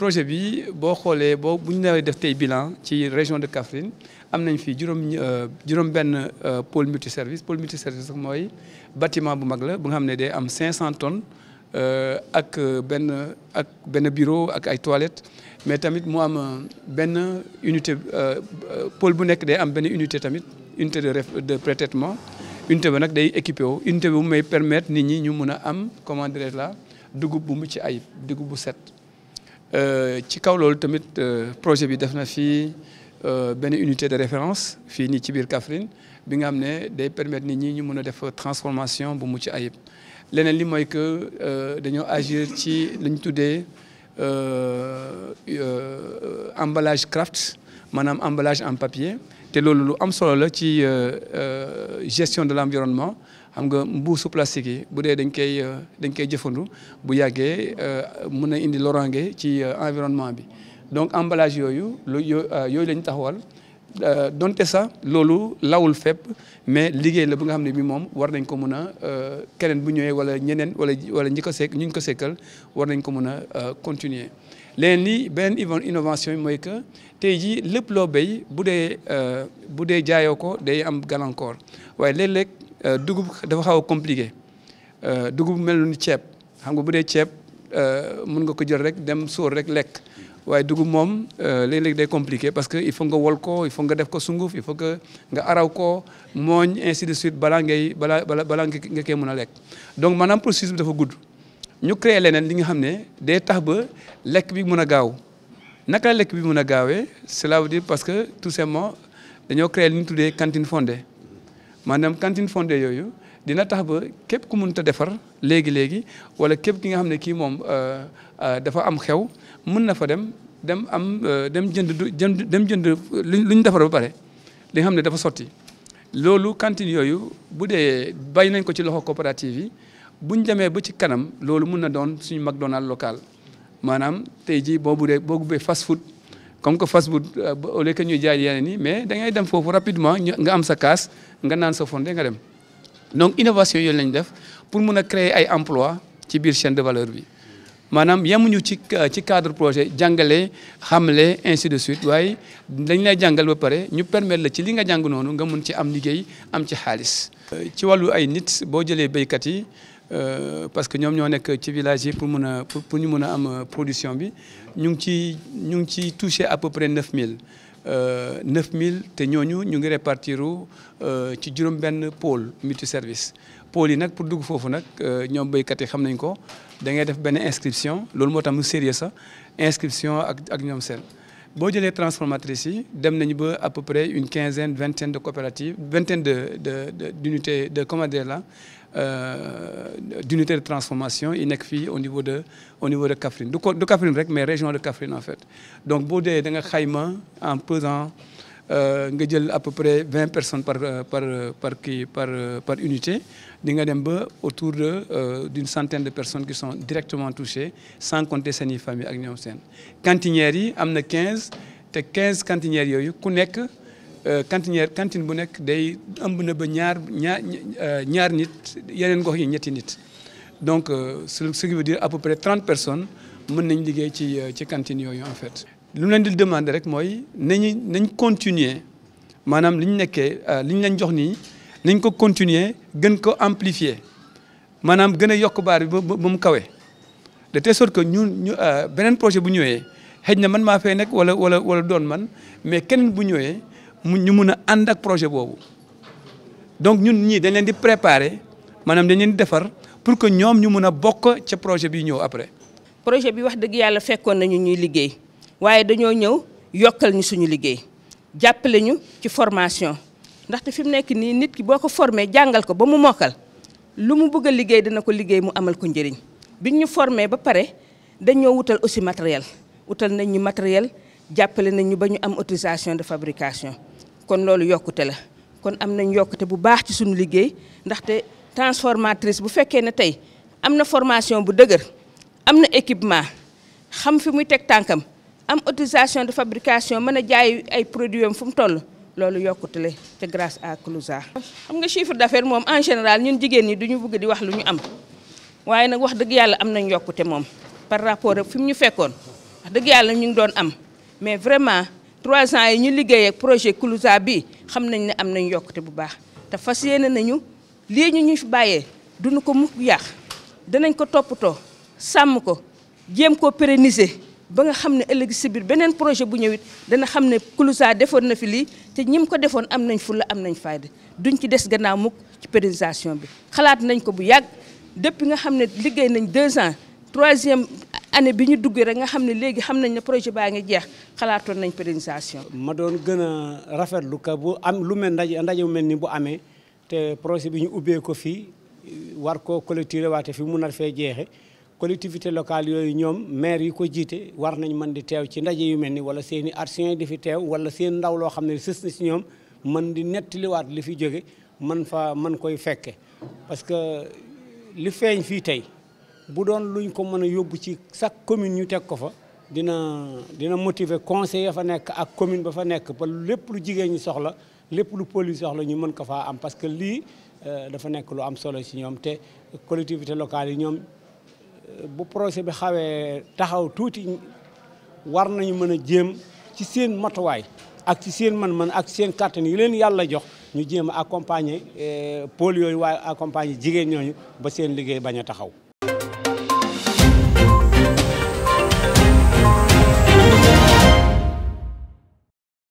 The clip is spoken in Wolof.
projet bi bo xolé bo buñu ñu def tey bilan ci région de Kaffrine amnañ nañ fi juróom euh, juróom benn euh, pôle multiservice pôle multiservice moy bâtiment bu mag la bu nga xam ne am 500 tonnes euh ak ben ak ben bureau ak ay toilettes mais tamit mu am ben unité euh pôle bu nek dé am ben unité tamit unité de de prétraitement unité bi nak day équipé wu unité bi mu may permettre nit ñi ñu mëna am comment dirais là dugub bu mu ci ay dugub bu set. Euh, ci kaw loolu tamit euh, projet bi def na fii euh, unité de référence fini nii ci bir Kaffrine bi nga amné ne day permettre nit ñi ñu mëna def transformation bu ci ayib lénen li moy que dañu agir ci li ñu euh emballage craft manam emballage en papier té lolou lu am solo la ci gestion de l'environnement xam nga mbuusu plastique yi bu dee dañ koy dañ koy jëfandu bu yàggee euh, mun a indi loraange ci euh, environnement bi donc emballage yooyu lu euh, yooyu lañ taxawal donte sax loolu lawul fépp mais liggéey la bu nga xam ne bi moom war nañ ko mun a keneen bu ñëwee wala ñeneen wala wala ñi ko sekk ñu ngi ko sekkal war nañ ko mun a continuer leneen li beneen innovation bi mooy que tey jii lépp loo béy bu dee bu dee jaayoo ko day am gàllankoor waaye léeg-léeg Euh, dugub dafa xaw a compliqué euh, dugub mel ni ceeb xam nga bu dee ceeb euh, mun nga ko jël rek dem sóor rek lekk waaye dugub moom léeg-léeg day compliqué parce que il faut nga wol ko il faut nga def ko sunguf il faut que nga araw ko mooñ ainsi de suite balaa ngay balaa balaa nga koy mën a lekk donc maanaam processus bi dafa gudd ñu créé leneen li nga xam ne day tax ba lekk bi mun a gaaw naka la lekk bi mun a gaawee cela veut dire parce que tout simplement dañoo créé li ñu tuddee cantine fondée maanaam cantine fondée yooyu dina tax ba képp ku mënut a defar léegi léegi wala képp ki nga xam ne kii moom euh, euh, dafa am xew mun na fa dem dem am euh, dem jënd du jënd dem jënd lu ñu defar ba pare li xam ne dafa sotti. loolu cantine yooyu bu dee bàyyi nañ ko ci loxo coopérative yi buñ demee ba ci kanam loolu mun na doon suñu McDonald local maanaam tey jii boobu dee boo gubbee fast food. comme que fas bu euh, au lieu que ñuy jaay yeneen nii mais dangay dem foofu rapidement nga am sa kaas nga naan sa fonde nga dem donc innovation yooyu lañ def pour mun a créer ay emploi ci biir chaîne de valeur bi maanaam yemuñu ci euh, ci cadre projet jàngale xamle ainsi de suite waaye dañ lay jàngal ba pare ñu permettre la ci li nga jàng noonu nga mun ci am liggéey am ci xaalis. Euh, ci wàllu ay nit boo jëlee béykat yi. Euh, parce que nous sommes des ci village pour nous, faire pour euh, production nous avons touché à peu près 9000 9000 nous nous, nous ngi répartir euh, ci juróom ben pôle multiservice pôle yi pour dugg fofu nak ñom béykat yi xam nañ ko da ngay def ben inscription c'est motam sérieux ça, inscription ak ak ñoom transformatrices yi dem à peu près une quinzaine vingtaine de coopératives vingtaine de d'unités de comment là euh, d'unité de transformation il n'est au niveau de au niveau de Kaffrine Donc mais région de Kaffrine en fait donc si da en pesant euh, nga jël à peu près 20 personnes par euh, par par par par unité Vous nga autour d'une centaine de personnes qui sont directement touchées sans compter sa famille ak il seen cantinières yi am 15 quinze cantinières euh, cantinière cantine bu nek day ëmb na ba ñaar ñaar euh, ñaar nit yeneen gox yi ñetti nit donc euh, ce qui veut dire à peu près 30 personnes mën nañ liggéey ci ci cantine yooyu en fait. lu leen di demander rek mooy nañ nañ continuer maanaam liñ ñu nekkee li leen jox nii nañ ko continuer gën ko amplifier maanaam gën a yokk baar bi ba mu kawe de telle sorte que ñun ñu beneen projet bu ñëwee xëj na man maa fay nekk wala wala wala doon man mais keneen bu ñëwee. mu ñu mun a ànd ak projet boobu donc ñun ñii dañ leen di préparer maanaam dañ leen di defar pour que ñoom ñu mun a bokk ca projet bi ñëw après. projet bi wax dëgg yàlla fekkoon nañu ñuy liggéey waaye dañoo ñëw yokkal ñu suñu liggéey jàppale ñu ci formation ndaxte fi mu nekk nii nit ki boo ko formé jàngal ko ba mu mokkal lu mu bugg a liggéey dina ko liggéey mu amal ko njëriñ biñ ñu formé ba pare dañoo wutal aussi matériel wutal nañ ñu matériel. jàppale nañ ñu ba am autorisation de fabrication kon lolu yokkute la kon am nañ bu baax ci suñu liggéey ndaxte transformatrice bu fekkee ne tey formation bu dëgër amna équipement xam fi muy tek tankam am autorisation de fabrication mën jaay ay produits am fu mu toll lolu yokkute la te grâce à Clousa. xam nga chiffre d'affaires mom. en général ñun jigéen ñi duñu bëgg di wax luñu am waaye nak wax dëgg Yalla am nañ mom par rapport ak fimu ñu fekkoon wax dëgg Yalla ñu ngi doon am mais vraiment trois ans nous ñu avec le projet Koulouza bi avons, nañ ne am nañ bu baax te de nañu des ñu nous fi duñu ko mukk Nous ko ko de pérenniser ba nga ne projet bu ñëwit dana Koulouza na fi ñim ko defoon am fait, fayda duñ ci des choses. ci pérennisation bi xalaat nañ depuis nga deux ans troisième année bi ñu dugg rek nga xam ne léegi xam nañ ne projet baa ngi jeex xalaatoon nañ pérennisation. ma doon gën a rafetlu ka bu am lu mel ndaje ndaje mu mel ni bu amee te projet bi ñu ubbee ko fii war koo collecté waate fi mun nar fee jeexe collectivité locale yooyu ñoom mair yi ko jiite war nañ mën di teew ci ndaje yu mel ni wala seen i action di fi teew wala seen ndaw loo xam ne sës na si ñoom man di nettaliwaat li fi jóge man fa mën koy fekke parce que li feeñ fii tey. bu doon lu luñ ko mën a yóbbu ci chaque commune ñu teg ko fa dina dina motiver conseil ya fa nekk ak commune ba fa nekk ba lépp lu jigéen ñi soxla lépp lu pol police soxla ñu mën ko faa am parce que lii euh, dafa nekk lu am solo si ñoom te collectivité locale yi ñoom euh, bu projet bi xawee taxaw tuuti war nañu mën a jéem ci seen matuwaay ak ci seen man mën ak seen kàttan yi leen yàlla jox ñu jéem a accompagner euh, pôle yooyu waaye accompagner jigéen ñooñu ba seen liggéey bañ a taxaw